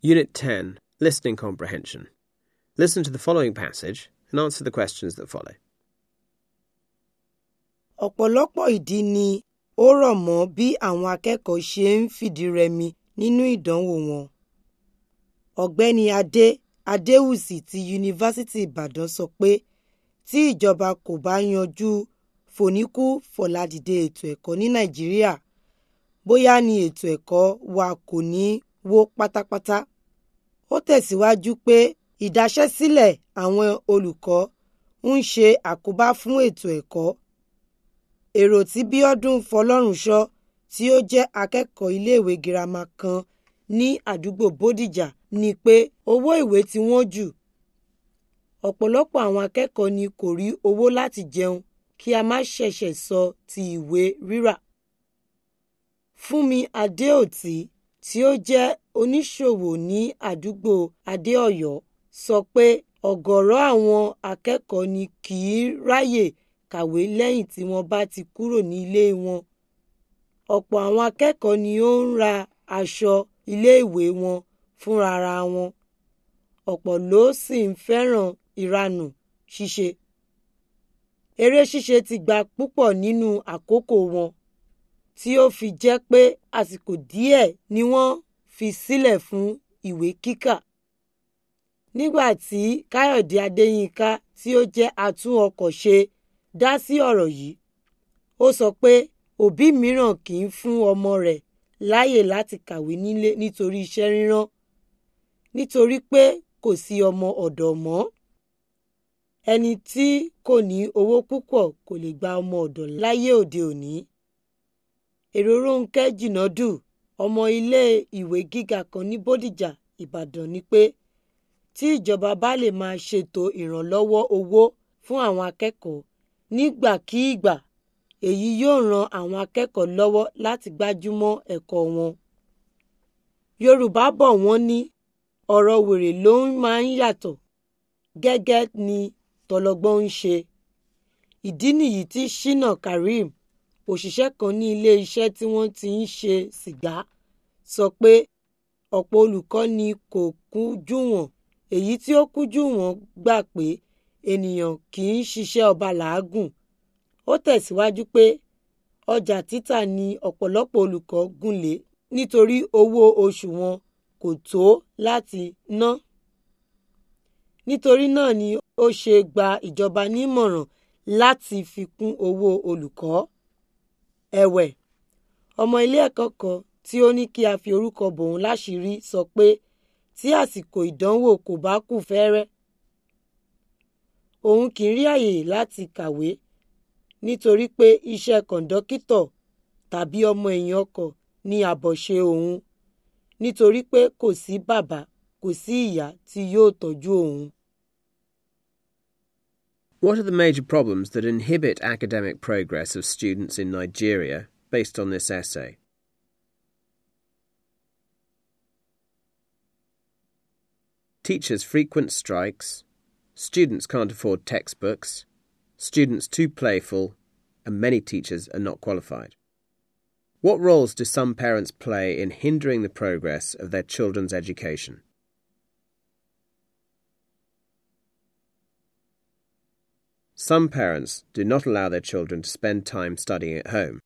Unit 10 Listening Comprehension. Listen to the following passage and answer the questions that follow. ọ̀pọ̀lọpọ̀ ìdí ni ó rọ̀ mọ́ bí àwọn akẹ́kọ̀ọ́ ṣe ń fìdírẹmi nínú ìdánwò wọn. ọ̀gbẹ́ni adé adéwùsì ti yunifásitì ìbàdàn sọ pé tí ìjọba kò bá yanjú fòníkú fọ̀ládìde ètò ẹ̀kọ́ ní nàìjíríà bóyá ni ètò ẹ̀kọ́ wa kò ní wó pátápátá. Ó tẹ̀síwájú pé ìdaṣẹ́sílẹ̀ àwọn olùkọ́ ń ṣe àkóbá fún ètò ẹ̀kọ́. Èrò tí Bíọ́dún Fọlọ́runṣọ́ tí ó jẹ́ akẹ́kọ̀ọ́ iléèwé girama kan ní àdúgbò Bódìjà ni pé owó ìwé ti wọ́n jù. Ọ̀pọ̀lọpọ̀ àwọn akẹ́kọ̀ọ́ ni kò rí owó láti jẹun kí a má ṣẹ̀ṣẹ̀ sọ ti ìwé rírà. Fúnmi Adéòtí tí ó jẹ́ oníṣòwò ní àdúgbò Adé-Ọ̀yọ́ sọ pé ọ̀gọ̀ọ̀rọ̀ àwọn akẹ́kọ̀ọ́ ni kì í ráyè kàwé lẹ́yìn tí wọ́n bá ti kúrò nílée wọn. Ọ̀pọ̀ àwọn akẹ́kọ̀ọ́ ni ó ń ra aṣọ iléèwée wọn fúnrara wọn, ọ̀pọ̀ ló sì ń fẹ́ràn ìranù ṣíṣe. Eré ṣíṣe ti gba púpọ̀ nínú àkókò wọn tí ó fi jẹ́ pé àsìkò díẹ̀ ni wọ́n fi sílẹ̀ fún ìwé kíkà. Nígbà tí Káyọ̀dé Adéyínká tí ó jẹ́ atún-ọkọ̀-ṣe dá sí ọ̀rọ̀ yìí, ó sọ pé òbí mìíràn kì í fún ọmọ rẹ̀ láyè láti kàwé nílé nítorí iṣẹ́ ríran nítorí pé kò sí ọmọ ọ̀dọ̀ mọ́. Ẹni tí kò ní owó púpọ̀ kò lè gba ọmọ ọ̀dọ̀ láyé òde òní èrò Rónkẹ́ Jìnàdù ọmọ iléèwé gíga kan ní Bódìjà Ìbàdàn ni pé tí ìjọba bá lè máa ṣètò ìrànlọ́wọ́ owó fún àwọn akẹ́kọ̀ọ́ nígbàkigbà èyí yóò ran àwọn akẹ́kọ̀ọ́ lọ́wọ́ láti gbájúmọ́ ẹ̀kọ́ wọn. Yorùbá bò wọ́n ní ọ̀rọ̀ wèrè ló máa ń yàtọ̀, gẹ́gẹ́ ni tọlọ́gbọ́n ń ṣe. Ìdí nìyí tí Shina Kareem òṣìṣẹ́ kan ní iléeṣẹ́ tí wọ́n ti ń ṣe sìgá sọ pé ọ̀pọ̀ olùkọ́ ni kò kúnjúwọ̀n èyí tí ó kúnjúwọ̀n gbà pé ènìyàn kì í ṣiṣẹ́ ọba làágùn ó tẹ̀síwájú pé ọjà títà ni ọ̀pọ̀lọpọ̀ olùkọ́ gúnlé nítorí owó oṣù wọn kò tó láti ná nítorí náà ni ó ṣe gba ìjọba nímọ̀ràn láti fi kún owó olùkọ́ Ẹ̀wẹ̀, ọmọ ilé ẹ̀kọ́ kan tí ó ní kí a fi orúkọ bò òun láṣìírí sọ pé tí àsìkò ìdánwò kò bá kù fẹ́rẹ́, òun kìí rí àyè láti kàwé nítorí pé iṣẹ́ kọ̀ǹdọ́kítọ̀ tàbí ọmọ ẹ̀yìn ọkọ̀ ni àbọ̀ṣe òun nítorí pé kò sí bàbá kò sí ìyá tí yóò tọ́jú òun. What are the major problems that inhibit academic progress of students in Nigeria based on this essay? Teachers' frequent strikes, students can't afford textbooks, students too playful, and many teachers are not qualified. What roles do some parents play in hindering the progress of their children's education? Some parents do not allow their children to spend time studying at home.